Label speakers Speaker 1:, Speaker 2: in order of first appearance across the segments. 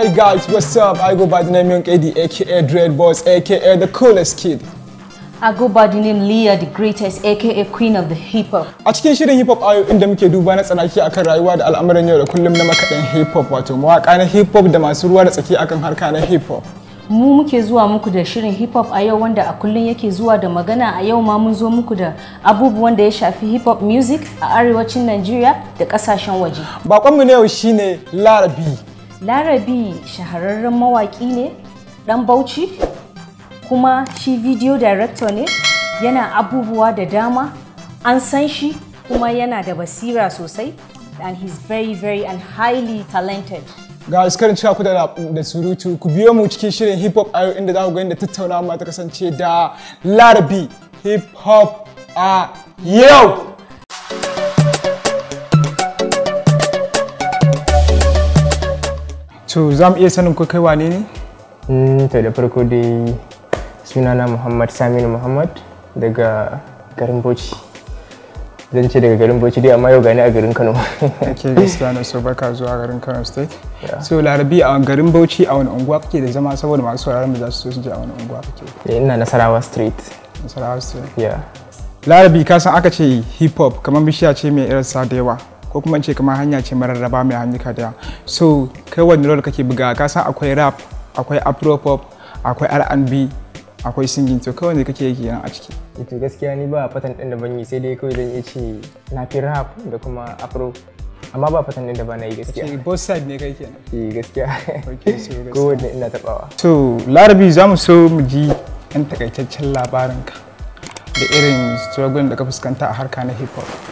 Speaker 1: Hi guys, what's up? I go by the name Young Eddie, aka Dread Boys, aka the coolest kid. I go by the name Leah the Greatest, aka Queen of the Hip Hop. A cikin shirin hip hop ayo inda muke duba na tsanaki akan rayuwa da al'amuran yau da kullum na makaɗan hip hop wato mawaƙa na hip hop da masu ruwa da tsaki akan harka na hip hop. mu muke zuwa muku da shirin hip hop a yau wanda a kullum yake zuwa da magana a yau ma mun zo muku da abubuwan da ya shafi hip hop music a arewacin Najeriya da kasashen waje. mu na yau shine Larabi larabi shahararren mawaƙi ne ɗan bauchi kuma shi video director ne yana abubuwa da dama an san shi kuma yana da basira sosai and he's very very and highly talented ga iskarin cika ku da surutu ku biyo mu cikin shirin hip hop ayo inda za ku ga inda tattaunawa ta kasance da larabi hip hop a yau
Speaker 2: so za mu iya sanin ko kai wane ne mm, to da farko dai sunana muhammad saminu muhammad daga garin bauchi zan ce daga garin bauchi dai amma yau gani a garin kano ake gaskiya na so baka zuwa garin kano state
Speaker 1: so larabi a garin bauchi a wani unguwa kake da zama saboda masu sauraron da za su so su je a wani unguwa kake eh, ina nasarawa street nasarawa street yeah larabi ka san aka ce hip hop kamar bishiya ce mai sa da yawa ko kuma in ce kamar hanya ce mararraba mai hanyuka daya so kai wani role kake buga ka san akwai rap akwai afro pop akwai R&B akwai singing to kawai ne kake yi kenan a ciki
Speaker 2: Ito gaskiya ni ba fatan din da ban yi sai dai kawai zan yi ce na fi rap da kuma afro amma ba fatan din da ba na yi gaskiya both side ne kai kenan eh gaskiya kowanne ina tabawa
Speaker 1: to larabi za mu so mu ji yan takaitaccen labarinka da irin struggle da ka fuskanta a harka na hip
Speaker 2: hop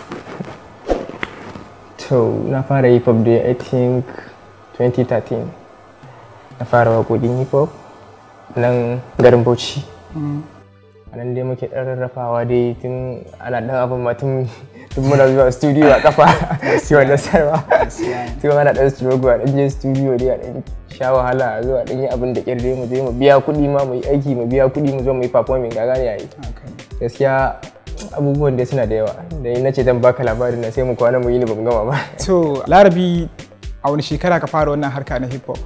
Speaker 2: so na fara hip hop da i think 2013 na fara waƙoƙin hip hop nan garin bauchi mm. a nan dai muke dan rarrafawa dai tun ana ɗan abin ma tun muna zuwa studio a kafa sai wanda sarwa tun ana ɗan struggle a ɗan je studio dai a ɗan sha wahala a zuwa ɗan yi abin da ƙyar dai mu je mu biya kuɗi ma mu yi aiki mu biya kuɗi mu zo mu yi performing ga gane yayi gaskiya abubuwan da suna da yawa da na ce zan baka labarin na sai mu kwana mu yi ni ban gama ba to larabi a wani shekara ka
Speaker 1: fara wannan harka na hip hop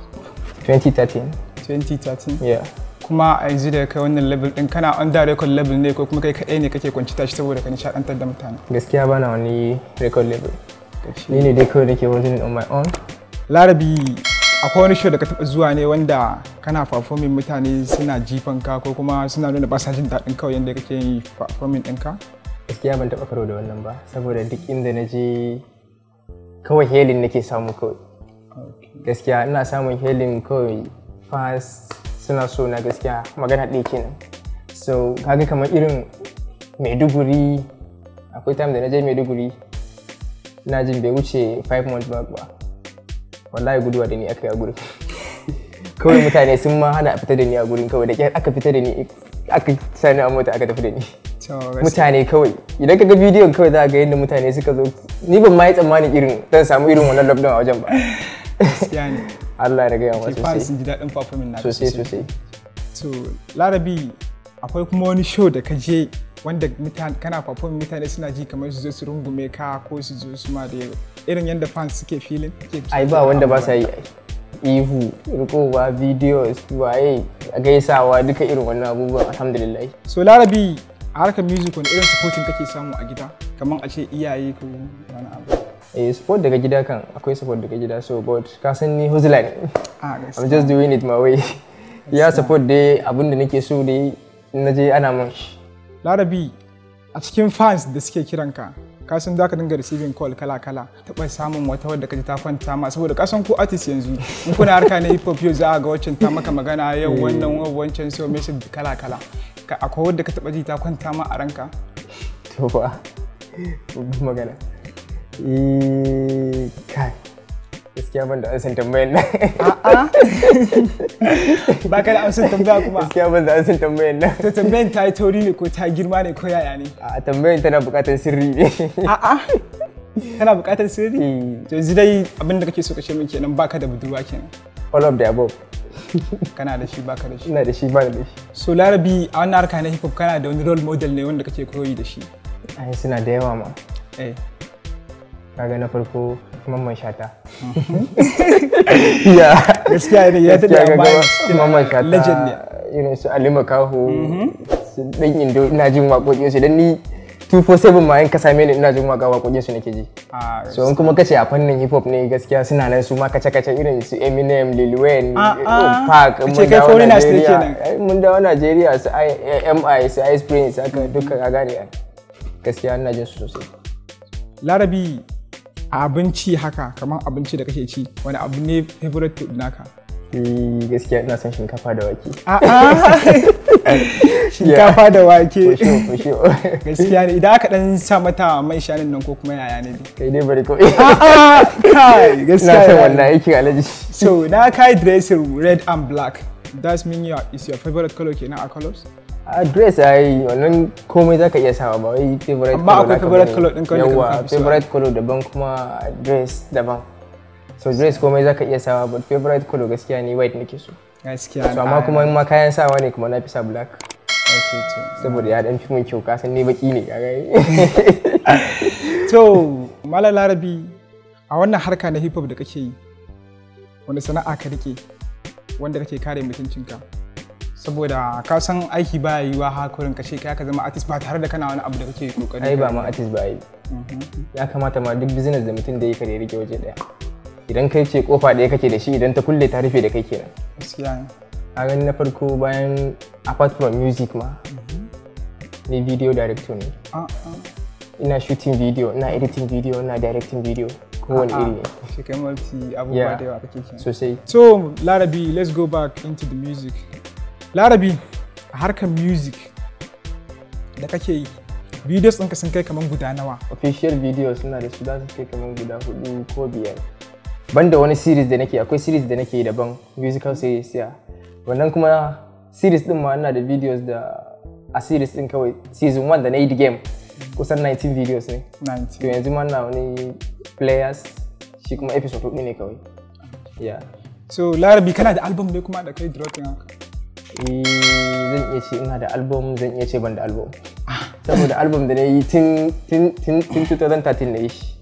Speaker 1: 2013 2013 yeah kuma a yanzu da kai wannan level din kana on da record level ne ko kuma kai kaɗai ne kake kwanci tashi saboda ka nishaɗantar da mutane
Speaker 2: gaskiya bana wani record level ni ne dai kawai nake wajen on my own larabi
Speaker 1: akwai wani show da ka taɓa zuwa ne wanda kana performing mutane suna jifan ka ko kuma suna nuna ba jin daɗin kawai yadda kake yi performing ɗinka? gaskiya ban taɓa karo da wannan ba
Speaker 2: saboda duk inda na je kawai helin nake samu kawai gaskiya ina samun helin kawai fans suna so na gaskiya magana ɗaya kenan so kaga kamar irin maiduguri akwai time da na je maiduguri na jin bai wuce 5 months ba wallahi guduwa da ni aka yi a gurin kawai mutane sun ma hana fita da ni a gurin kawai da kyar aka fita da ni aka sani a mota aka tafi da ni mutane kawai idan ka ga bidiyon kawai za ga yadda mutane suka zo ni ban ma yi tsammanin irin zan samu irin wannan lockdown a wajen ba Allah ya gaya yawa sosai.
Speaker 1: ji daɗin performing na sosai sosai. To Larabi akwai kuma wani show da ka je wanda mutane kana performing mutane suna ji kamar su zo su rungume ka ko su zo su ma da irin yadda fans suke filin. Ai ba wanda ba sa yi
Speaker 2: ihu ba videos waye gaisawa duka irin wannan abubuwan alhamdulillah so larabi a harkar music wani irin supporting kake samu a gida kamar a ce iyaye ko wani abu eh support daga gida kan akwai support daga gida so but ka san ni hustler ne ah, i'm just doing it my way ya support dai abin da nake so dai na je ana mun
Speaker 1: larabi a cikin fans da suke kiranka ka san za ka dinga receiving call kala-kala taɓa samun wata wadda ka ji ta kwanta ma saboda kasan ku ko artist yanzu in kuna harka na hip hop yau za a ga wancan ta maka magana yau eh. wannan wancan so message kala-kala akwai wadda ka taɓa ji ta kwanta ma a ranka
Speaker 2: to ba magana eh kai gaskiya ban da ansan tambayan nan a'a ba ka da ansan tambaya kuma gaskiya ban da ansan
Speaker 1: tambayan nan ta tambayan ta yi tauri ne ko ta girma ne ko yaya ne a tambayan tana buƙatar sirri ne a'a tana buƙatar sirri eh. to yanzu dai abin da kake so ka ce min kenan baka da budurwa kenan all of the above kana da shi ba ka da shi ina da shi ba da shi so larabi a wannan harka na hip hop kana da wani role model ne wanda kake koyi da shi
Speaker 2: ai suna da yawa ma eh kaga na farko mamman shata ya gaskiya ne ya tada bayan mamman shata legend ne irin su alima kaho mm-hmm. su dan indo ina jin waƙoƙin su dan ni 247 ma in ka same ni ina jin waka waƙoƙin su nake ji ah, so in kuma kace a fannin hip hop ne gaskiya suna nan su ma kace kace irin su Eminem Lil Wayne ah, ah. Park mun dawo Najeriya mun dawo Najeriya su MI su Ice Prince haka duka ka gane gaskiya ina jin su sosai
Speaker 1: Larabi abinci haka kamar abinci da kake ci wani abu ne favorite food naka
Speaker 2: hmm, gaskiya ina son shinkafa da wake
Speaker 1: shinkafa da wake gaskiya ne idan aka dan sa mata mai shanin nan ko kuma yaya ne kai dai bari ko kai
Speaker 2: gaskiya ne wannan yake alaji
Speaker 1: so na kai dressing red and black that's mean your is your favorite color kenan a colors
Speaker 2: a dress ai wannan komai zaka iya sawa ba wai favorite color ba akwai favorite color din kawai yawa favorite color daban kuma dress daban so dress komai zaka iya sawa but favorite color gaskiya ni white nake so
Speaker 1: gaskiya so amma kuma in
Speaker 2: ma kayan sawa ne kuma na fi sa black okay to saboda ya dan fi mun kyau ka san ni baki ne kaga
Speaker 1: to mala larabi a wannan harka na hip hop da kake yi wani sana'a ka rike wanda kake kare mutuncinka saboda ka san aiki ba yi wa hakurin kashe kai ka zama artist ba tare da kana wani abu da kake kokari ai ba ma artist
Speaker 2: ba yi mm-hmm. ya kamata ma duk business da mutum da yake da rike waje daya idan kai ce kofa daya kake da shi idan ta kulle ta rufe da kai kenan gaskiya a gani na farko bayan apart from music ma mm-hmm. ni video director ne ah, ah. ina shooting video ina editing video ina directing video kowane ah, iri
Speaker 1: ne kai multi abubuwa da yawa kake kenan sosai so larabi let's go back into the music
Speaker 2: larabi a
Speaker 1: harkar music da kake yi videos ɗinka sun kai kamar guda nawa official
Speaker 2: videos suna da su za su kai kamar guda hudu ko biyar banda wani series da nake akwai series da nake daban musical series ya wannan kuma series din ma ina da videos da a series din kawai season 1 da na yi game kusan 19 videos ne 19 to yanzu ma na wani players shi kuma episode 4 ne kawai
Speaker 1: ya so larabi kana da album ne kuma da kai dropping haka
Speaker 2: zan iya ce ina da album zan iya ce ban da album ah. saboda album da na yi tun 2013 na yi shi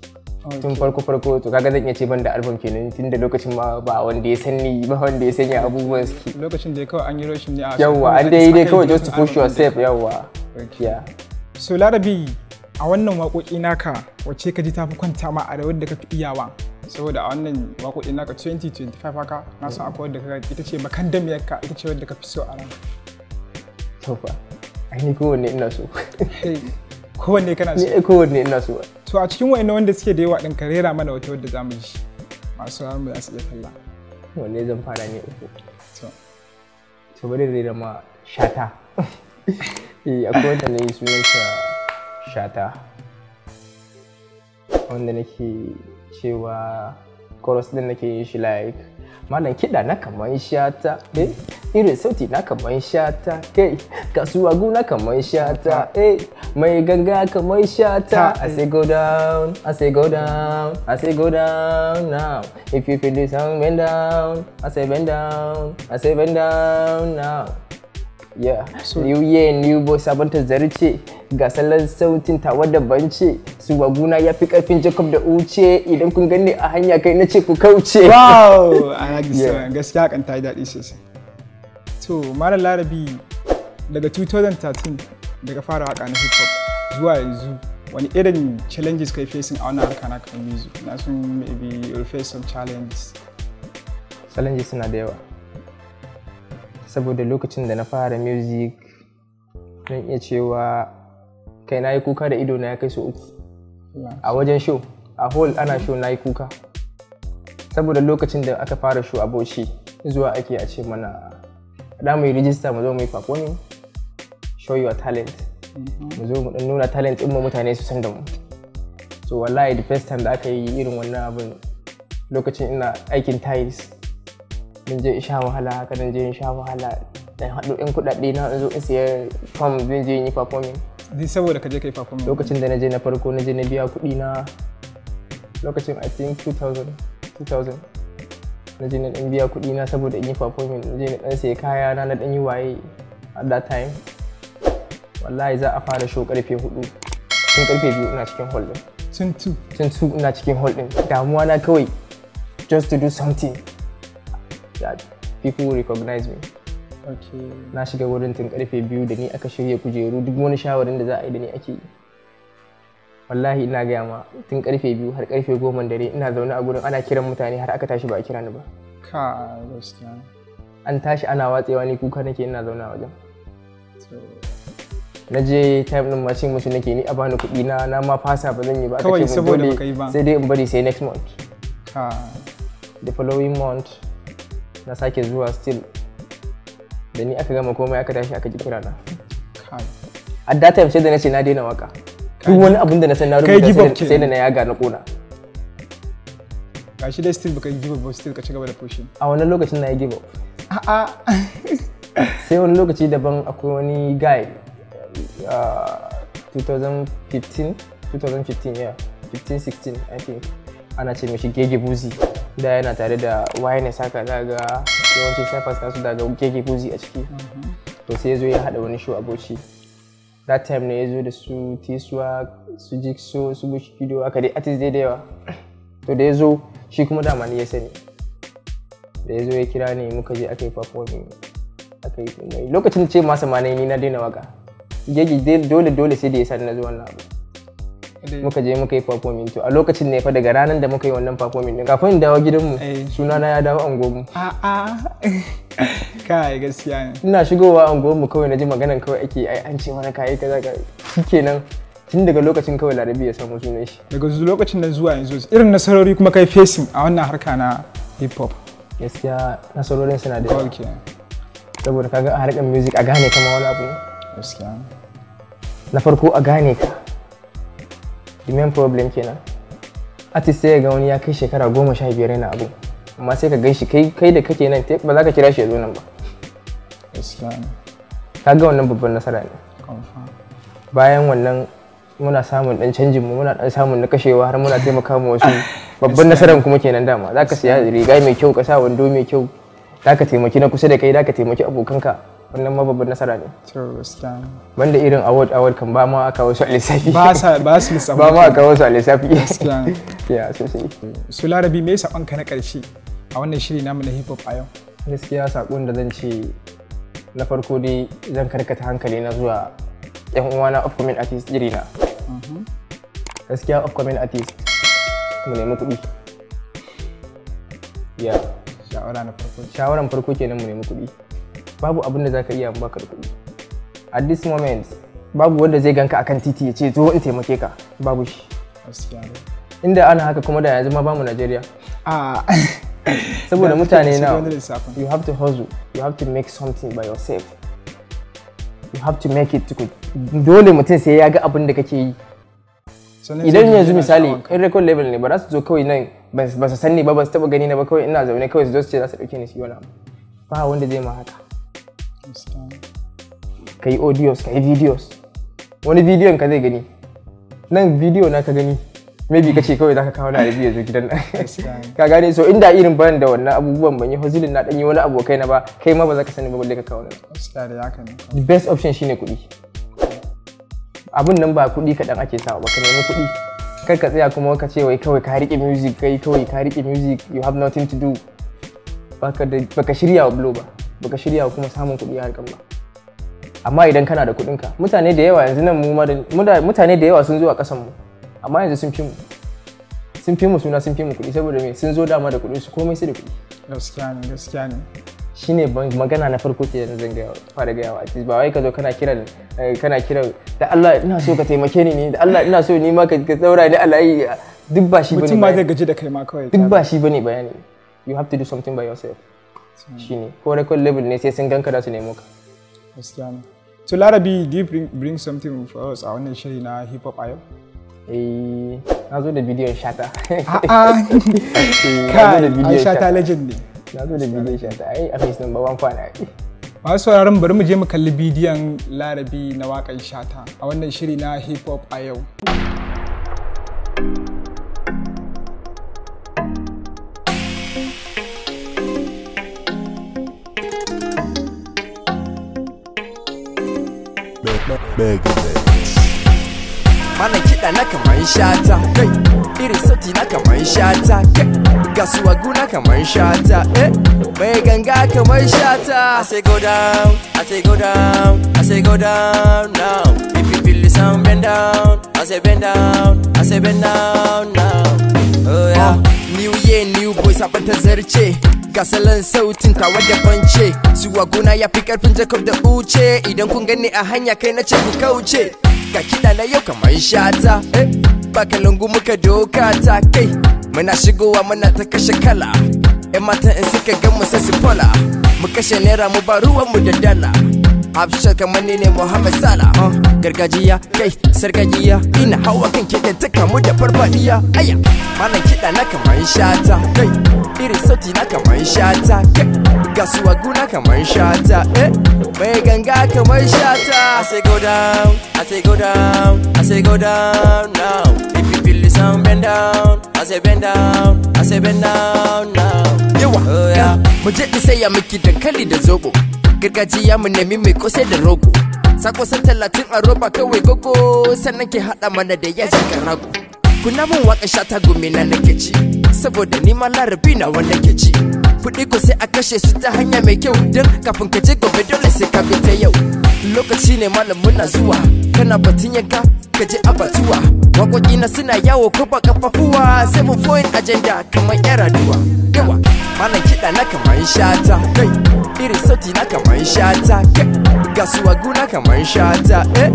Speaker 2: tun farko farko to kaga zan iya ce ban da album kenan tun da lokacin ma ba wanda ya ni ba wanda ya sanya abubuwan suke
Speaker 1: lokacin da ya kawai an yi roshin ne a yawwa an dai dai kawai just to push yourself
Speaker 2: yawwa yeah
Speaker 1: so larabi a wannan waƙoƙi naka wacce ka ji ta fi kwanta ma a da wadda ka fi iyawa saboda a wannan waƙoƙin naka 2025 haka na san akwai wadda kaga ita ce makandamiyar ka ita ce wadda ka fi so a ran
Speaker 2: to fa ainihin kowanne ina so kowanne kana so ni kowanne ina so
Speaker 1: to a cikin wa'annan wanda suke da yawa din ka rera mana wata wadda zamu ji masu ranar mu za su iya kalla
Speaker 2: wanne zan fara ne uku to to bari da ma shata eh akwai wanda ne sunan shata wanda nake cewa chorus din nake yin shi like malam kiɗa na kaman shata eh irin sauti na kaman shata eh kasuwa gu na kaman shata eh mai ganga kaman shata i eh. say go down i say go down i say go down now if you feel this song bend down i say bend down i say bend down now ya new year new boy sabanta zarce ga salon sautin tawa da bance su waguna ya fi karfin jacob da uce idan kun gani a hanya kai na ce ku kauce wow a
Speaker 1: gaskiya kan ta yi daɗi sosai to malam larabi daga 2013 daga fara waka na hip hop zuwa yanzu wani irin challenges kai facing a wani harka na kan music na sun maybe you face some challenges
Speaker 2: challenges suna da yawa saboda lokacin da na fara music zan iya cewa kai na yi kuka da ido na ya kai su uku a wajen show a hall ana show na yi kuka saboda lokacin da aka fara show a bauchi zuwa ake a ce mana da mu yi rijista mu zo mu yi performing show your talent mu zo mu nuna talent in mu mutane su san da mu so wallahi the first time da aka yi irin wannan abin lokacin ina aikin tiles zan je in sha wahala haka zan je in sha wahala dan haɗu, in kuɗaɗe na zo in siya fam zan je in yi performing
Speaker 1: ni saboda ka je kai performing lokacin da
Speaker 2: na je na farko na je na biya kuɗi na lokacin i think 2000 2000 na je na ɗan biya kuɗi na saboda in yi performing na je na ɗan siya kaya na na ɗan yi waye at that time wallahi za a fara show karfe hudu tun karfe biyu ina cikin hall din tun tu tun tu ina cikin hall din damuwa na kawai just to do something that people recognize me na shiga wurin tun karfe biyu da ni aka shirya kujeru duk wani shawarin da za a yi da ni ake yi wallahi ina gaya ma tun karfe biyu har karfe goma dare ina zaune a gurin ana kiran mutane har aka tashi ba a kira ni ba ka gaskiya an tashi ana watsewa ni kuka nake ina zaune a wajen na je time din mashin musu nake ni a bani kuɗi na na ma fasa ba zan yi ba kawai saboda ba sai dai in bari sai next month ka the following month na sake zuwa still da ni aka gama komai aka tashi aka ji kira na a da time sai da na ce na daina waka duk wani abin da na san na rubuta sai da na yaga na kona
Speaker 1: ga shi da still baka give up still ka ci gaba da pushing
Speaker 2: a wannan lokacin na yi give up a'a sai wani lokaci daban akwai wani guy 2015 uh, 2015 yeah 15 16 i think ana ce mishi gege buzi da yana tare da wayanes haka daga yawancin cyphers nasu daga gege buzi a ciki mm-hmm. to sai ya zo ya haɗa wani show aboci that time ne ya zo da su tisuwa su jikso su bushido aka dai artist dai da yawa to da ya zo shi kuma dama ni ya sani da ya zo ya kira ni muka je aka yi performing aka yi lokacin ce masa ma ni na daina waka gege dole dole sai da ya sani na zuwan wannan abu Eh. muka je muka yi performing to a lokacin ne fa daga ranar da muka yi wannan performing din kafin dawo gidanmu eh. suna na ya dawo angomu a a kai gaskiya ne ina shigowa angomu kawai na ji maganan kawai ake ai an ce mana kai kaza ka shikenan tun daga lokacin kawai larabi ya samu sunan shi daga lokacin nan zuwa yanzu
Speaker 1: irin nasarori kuma kai facing a wannan harka na hip hop
Speaker 2: gaskiya nasarorin suna da yawa saboda kaga a harkar music a gane kama wani abu gaskiya na farko a gane ka the main problem kenan artist sai ga wani ya kai shekara goma sha biyar yana abu amma sai ka gan shi kai da kake nan ba za ka kira shi ya zo nan ba ka ga wannan babban nasara ne bayan wannan muna samun dan canjin mu muna dan samun na kashewa har muna taimaka mu wasu babban nasaran kuma kenan dama za ka siya riga mai kyau ka sa wando mai kyau za ka taimaki na kusa da kai za ka taimaki abokanka wannan ma babban nasara ne wanda banda irin award award kan ba ma aka wasu a lissafi ba sa ba su lissafi ba ma aka wasu a lissafi ya sosai
Speaker 1: su larabi me sakon ka na karshe a wannan shiri
Speaker 2: namu na hip hop a yau gaskiya sakon da zan ce na farko dai zan karkata hankali na zuwa yan uwana upcoming artist na. Mm-hmm. gaskiya upcoming artist mu nemi kuɗi ya shawara na farko shawaran farko kenan mu nemi kuɗi babu abin da zaka iya baka da kuɗi at this moment babu wanda zai ganka akan titi ya ce zo in taimake ka babu shi inda ana haka kuma da ya zama bamu Najeriya saboda mutane na you have to hustle you have to make something by yourself you have to make it to dole mutum sai ya ga abin da kake yi idan yanzu misali in record level ne ba za su zo kawai nan ba su san ni ba ba su taba gani na ba kawai ina zaune kawai su zo su ce za su dauke ni shi wani abu ba wanda zai ma haka ka yi audios ka yi videos wani bidiyon ka zai gani nan video na ka gani maybe ka ce kawai za ka kawo na review yanzu gidan ka gane so inda irin ban da wannan abubuwan ban yi hozilin na yi wani abokai na ba kai ma ba za ka sani ba balle ka kawo nan the best option shine kuɗi abun nan ba kuɗi kaɗan ake sawa ba ka nemi kuɗi kar ka tsaya kuma ka ce wai kawai ka riƙe music kai kawai ka riƙe music you have nothing to do baka shirya wa blow ba baka shirya kuma samun kuɗi a harkar ba amma idan kana da kuɗinka mutane da yawa yanzu nan mu mutane da yawa sun zo a ƙasan mu amma yanzu sun fi mu sun fi mu suna sun fi mu kuɗi saboda me sun zo dama da kuɗi su komai su da kuɗi gaskiya ne gaskiya ne shine magana na farko ke yanzu zan gaya fara gaya wa ba wai ka zo kana kiran eh, kana kira da Allah ina so ka taimake ni ne da Allah ina so ni ma ka tsaura ni alayi duk ba shi bane mutum ma zai gaji da kai ma kawai duk ba shi bane bayani you have to do something by yourself shine ko na kwan level ne sai sun ganka da su nemo ka gaskiya ne
Speaker 1: to larabi do you bring, bring something for us a wannan shiri na hip hop a yau eh
Speaker 2: na zo da bidiyon shata a'a ah, ah.
Speaker 1: eh, kai an shata legend
Speaker 2: ne na zo da bidiyon shata ai a face number one fan ai
Speaker 1: masu sauraron bari mu je mu kalli bidiyon larabi na wakan shata a wannan shiri na hip hop a yau
Speaker 3: Mana kiɗa na kamar shata kai iri sauti na kamar shata kai ga suwagu na kamar shata eh mai ganga kamar shata I say go down I say go down I say go down now if you feel the sound bend down I say bend down I say bend down now oh yeah oh, new year new boys abin ta zarce Kasalan sautin tawa da bance zuwa gona ya fi karfin jakob da uce idan kun gani a hanya kai na ce ku kauce ga kiɗa na yau kamar shata eh, Ba baka lungu muka doka ta kai muna shigowa muna ta kashe kala yan matan in suka gan mu sai su fola mu kashe naira mu ba ruwan mu da dala Hafshat kamar ni ne Muhammad Sala ah, Gargajiya kai sarkajiya Ina hawa kan kiɗan ta kamu da farfaɗiya Aya malan kiɗa na kamar shata kai kiri sauti na kamar shata ga suwaguna kamar shata eh mai ganga kamar shata I say go down I say go down I say go down now if you feel the sound bend down I say bend down I say bend down now yawa oh, yeah. mu je sai ya miki dankali da zobo gargajiya mu nemi mai kosai da rogo sako san talatin a roba kawai gogo sannan ke hada mana da yajin karago kuna mun waka shata gumi na nake ci saboda ni ma larabi na wanda ke ci kuɗi ko sai a kashe su ta hanya mai kyau don kafin ka je gobe dole sai ka bi ta yau lokaci ne malam muna zuwa kana batun yanka ka ji abatuwa waƙoƙi na suna yawo kafa kafafuwa seven point agenda kamar yan raduwa yawa mana kiɗa na kamar shata kai iri sauti na kamar shata kai gasuwa guna kamar shata eh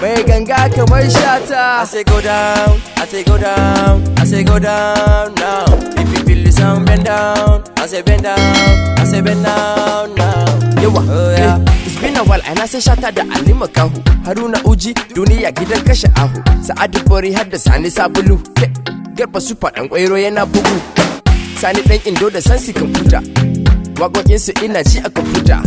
Speaker 3: mai ganga kamar shata i say go down i say go down i say go down now if you feel the sound bend down I say bend down, I say bend down now. Yawa, oh yeah. It's been a ana sai shata da Ali Makahu, Haruna Uji, duniya gidan kashe ahu, Sa'adu Bori har da Sani Sabulu, Garba Super ɗan ƙwairo yana bugu, Sani ɗan Indo da Sansi Kamfuta, waƙoƙinsu ina ci a kamfuta.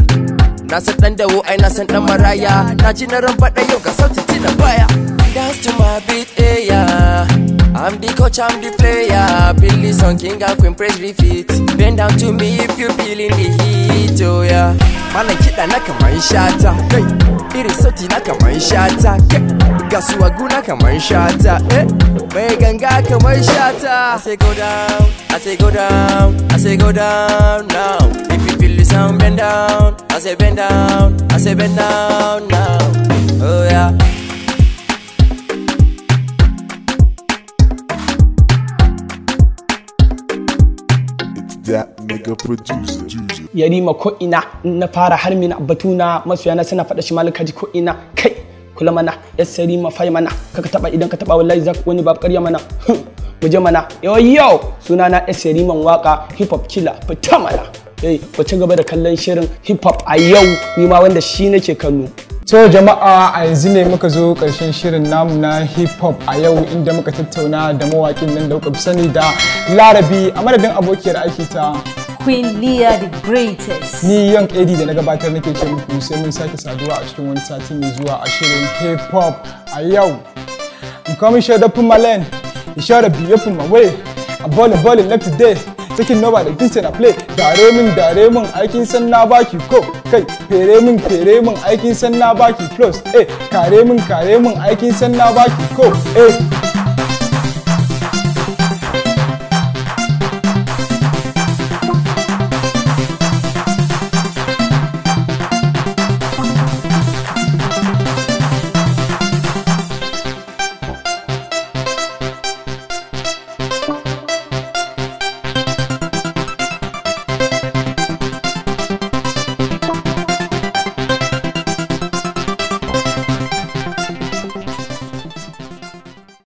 Speaker 3: Na san dan dawo ai na san ɗan maraya Na ji na ran faɗa yau ga sautin tina baya Dance to my beat, eh, yeah I'm the coach, I'm the player. Billy Song King, I can press refit. Bend down to me if you feeling the heat, oh yeah. Mana kiɗa na kamar shata, kai. Irin sauti na kamar shata, kai. Ga suwagu na kamar shata, eh. Mai ganga kamar shata. I say go down, I say go down, I say go down now. If you feel the sound, bend down. I say bend down, I say bend down now. Oh yeah. that mega producer.
Speaker 1: Yari ma ko ina na fara har mina batuna masoyana suna faɗa shi malaka ji ko ina kai kula mana ya sari fai mana kaka taba idan ka taba wallahi zaka wani babu ƙarya mana waje mana yo yo suna na sari man waka hip hop killer fita mana eh ku ci gaba da kallon shirin hip hop a yau ni ma wanda shi nake kallo So jama'a a yanzu ne muka zo ƙarshen shirin namu na hip hop a yau inda muka tattauna da mawaƙin nan da kuka sani da Larabi a madadin abokiyar aiki ta Queen Leah the Greatest. Ni Young Eddie da na gabatar nake ce muku sai mun sake saduwa a cikin wani sati mai zuwa a shirin hip hop a yau. I'm kawo shut da in my da you da up, you open my way. I'm today. cikin na da kitchen a play dare min dare min aikin san na baki ko kai fere min fere min aikin san na baki plus eh kare min kare min aikin san na baki ko eh